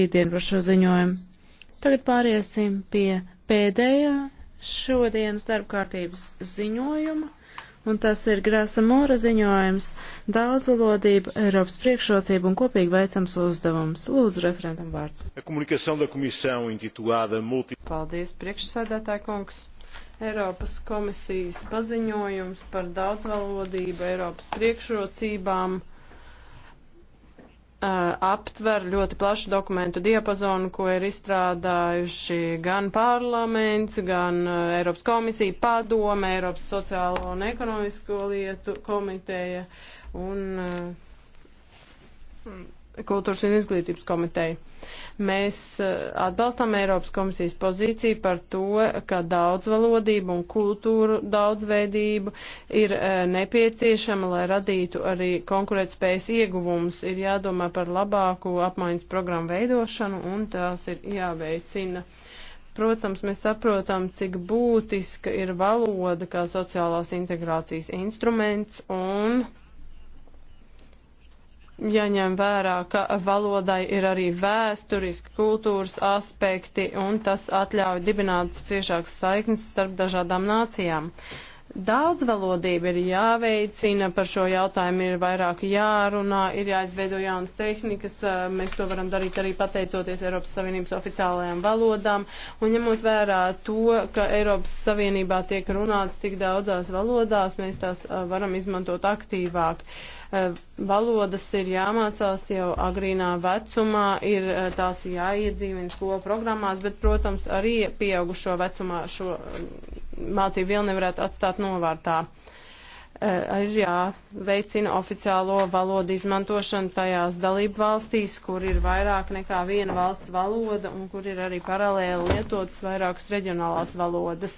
rītdien par šo ziņojumu. Tagad pāriesim pie pēdējā šodienas darbkārtības ziņojuma, un tas ir Grāsa Mora ziņojums - daudzvalodība, Eiropas priekšrocība un kopīgi veicams uzdevums. Lūdzu, referentam vārds. Paldies, priekšsēdētāji kungs! Eiropas komisijas paziņojums par daudzvalodību, Eiropas priekšrocībām Uh, aptver ļoti plašu dokumentu diapazonu, ko ir izstrādājuši gan parlaments, gan uh, Eiropas komisija, padome, Eiropas sociālo un ekonomisko lietu komiteja un uh, kultūras un izglītības komiteju. Mēs eh, atbalstām Eiropas komisijas pozīciju par to, ka daudzvalodība un kultūru daudzveidība ir eh, nepieciešama, lai radītu arī konkurētspējas ieguvumus. Ir jādomā par labāku apmaiņas programmu veidošanu un tās ir jāveicina. Protams, mēs saprotam, cik būtiska ir valoda kā sociālās integrācijas instruments un jaņem vērā, ka valodai ir arī vēsturiski kultūras aspekti, un tas atļauj dibināt ciešākas saiknes starp dažādām nācijām. Uh, Daudzvalodība ir jāveicina, par šo jautājumu ir vairāk jārunā, ir jāizveido jaunas tehnikas, mēs to varam darīt arī pateicoties Eiropas Savienības oficiālajām valodām, un ņemot vērā to, ka Eiropas Savienībā tiek runāts tik daudzās valodās, mēs tās varam izmantot aktīvāk valodas ir jāmācās jau agrīnā vecumā, ir tās jāiedzīvina skolu programmās, bet, protams, arī pieaugušo vecumā šo mācību vielu nevarētu atstāt novārtā. Ir eh, jāveicina oficiālo valodu izmantošanu tajās dalību valstīs, kur ir vairāk nekā viena valsts valoda un kur ir arī paralēli lietotas vairākas reģionālās valodas.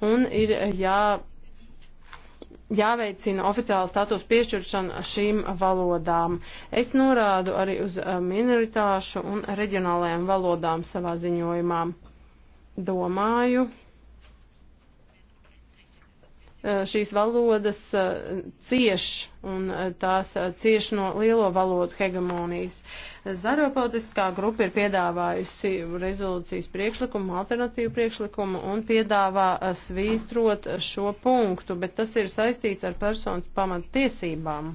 Un ir eh, jā, jāveicina oficiāla status piešķiršana šīm valodām. Es norādu arī uz eh, minoritāšu un reģionālajām valodām savā ziņojumā. Domāju, Eh, šīs valodas eh, cieš un eh, tās cieš no lielo valodu hegemonijas. Zaropautiskā grupa ir piedāvājusi rezolūcijas priekšlikumu, alternatīvu priekšlikumu un piedāvā svītrot šo punktu, bet tas ir saistīts ar personas pamattiesībām.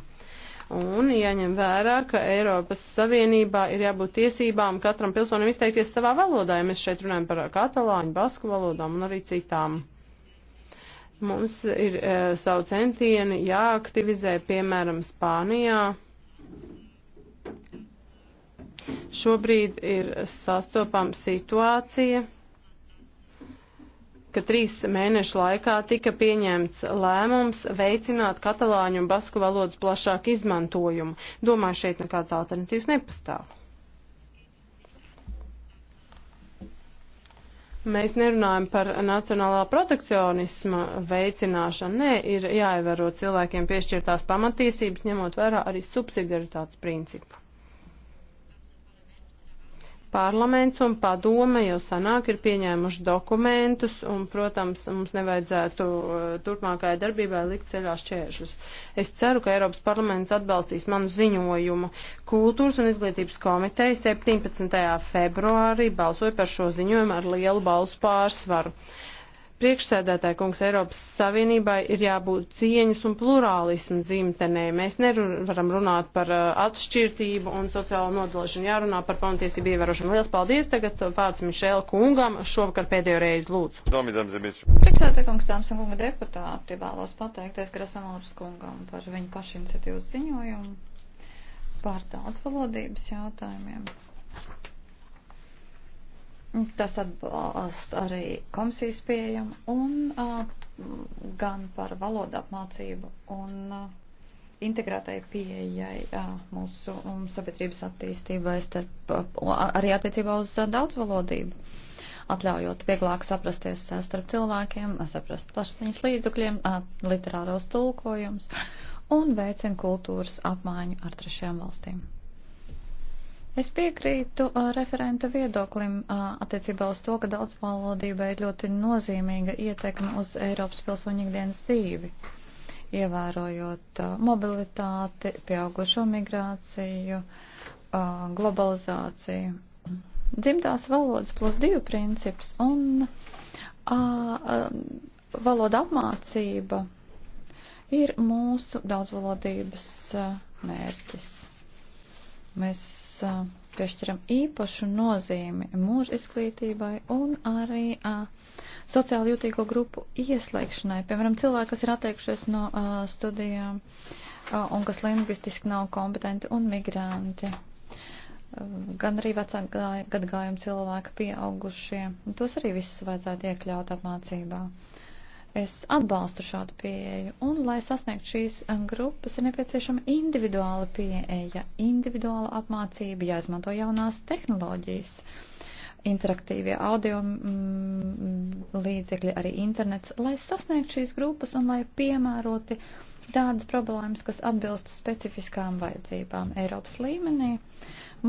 Un jāņem vērā, ka Eiropas Savienībā ir jābūt tiesībām katram pilsonim izteikties savā valodā, ja mēs šeit runājam par katalāņu, basku valodām un arī citām. Mums ir e, savu centieni jāaktivizē, piemēram, Spānijā. Šobrīd ir sastopama situācija, ka trīs mēnešu laikā tika pieņemts lēmums veicināt katalāņu un basku valodas plašāku izmantojumu. Domāju, šeit nekāds alternatīvs nepastāv. Mēs nerunājam par nacionālā protekcionisma veicināšanu. Nē, ir jāievēro cilvēkiem piešķirtās pamatiesības, ņemot vērā arī subsidiaritātes principu. Parlaments un padome jau sanāk ir pieņēmuši dokumentus un, protams, mums nevajadzētu eh, turpmākajai darbībai likt ceļā šķēršus. Es ceru, ka Eiropas parlaments atbalstīs manu ziņojumu. Kultūras un izglītības komiteja 17. februārī balsoja par šo ziņojumu ar lielu balsu pārsvaru. Priekšsēdētāja kungs Eiropas Savienībai ir jābūt cieņas un plurālismu dzimtenē. Mēs nevaram runāt par uh, atšķirtību un sociālo nodalīšanu, jārunā par pamatiesību ievērošanu. Lielas paldies tagad vārds Mišēla kungam, šovakar pēdējo reizi lūdzu. Priekšsēdētāja kungs, dāmas un kunga deputāti, vēlos pateikties Grasamāras kungam par viņu pašiniciatīvu ziņojumu, par daudzvalodības jautājumiem. Tas atbalsta arī komisijas pieejamu un uh, gan par valodu apmācību un uh, integrētai pieejai uh, mūsu um, sabiedrības attīstībai starp, uh, arī attiecībā uz uh, daudzvalodību. Atļaujot vieglāk saprasties uh, starp cilvēkiem, uh, saprast plašsaziņas līdzekļiem, uh, literāros tulkojums un veicina kultūras apmaiņu ar trešajām valstīm. Es piekrītu uh, referenta viedoklim uh, attiecībā uz to, ka daudzvalodība ir ļoti nozīmīga ietekme uz Eiropas pilsoņu ikdienas dzīvi, ievērojot uh, mobilitāti, pieaugušo migrāciju, uh, globalizāciju. Dzimtās valodas plus divi princips un uh, valoda apmācība ir mūsu daudzvalodības uh, mērķis. Mēs piešķiram īpašu nozīmi mūža izglītībai un arī sociāli jūtīgo grupu ieslēgšanai. Piemēram, cilvēki, kas ir atteikušies no studijām un kas lingvistiski nav kompetenti un migranti gan arī vecāka gadgājuma cilvēka pieaugušie. Tos arī visus vajadzētu iekļaut apmācībā. Uh, Es atbalstu šādu pieeju, un, lai sasniegtu šīs eh, grupas, ir nepieciešama individuāla pieeja, individuāla apmācība, jāizmanto jaunās tehnoloģijas, interaktīvie audio mm, mm līdzekļi, arī internets, lai sasniegtu šīs grupas un lai piemēroti uh, tādas problēmas, kas atbilst specifiskām vajadzībām Eiropas līmenī.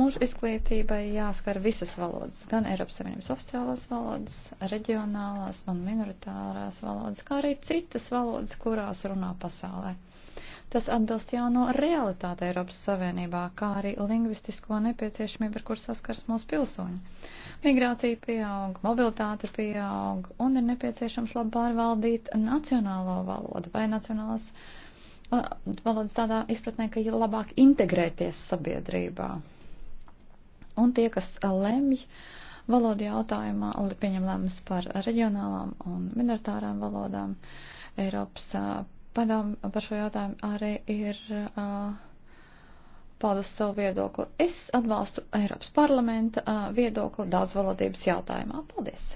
Mūža izglītībai jāskar visas valodas, gan Eiropas Savienības oficiālās valodas, reģionālās un minoritārās valodas, kā arī citas valodas, kurās runā pasaulē. Uh, Tas atbilst jauno realitāti Eiropas Savienībā, kā arī lingvistisko nepieciešamību, ar kur saskars mūsu pilsoņi. Migrācija pieaug, mobilitāte pieaug un ir nepieciešams labi pārvaldīt nacionālo valodu vai nacionālās valodas tādā izpratnē, ka ir labāk integrēties sabiedrībā. Un tie, kas lemj, uh, valodu jautājumā, pieņem lēmums par reģionālām un minoritārām valodām. Eiropas padom par šo jautājumu arī ir uh, paudus savu viedokli. Es atbalstu Eiropas parlamenta uh, viedokli daudzvalodības jautājumā. Paldies!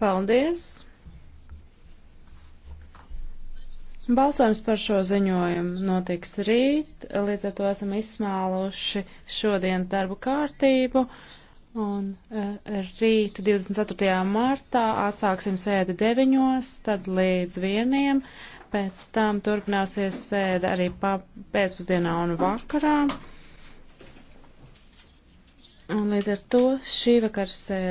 Paldies! Balsojums par šo ziņojumu notiks rīt, līdz ar to esam izsmēluši šodienas darbu kārtību. Un rīt 24. martā atsāksim sēdi 9, tad līdz 1. Pēc tam turpināsies sēde arī pēcpusdienā un vakarā. Un līdz ar to šī vakara sēde.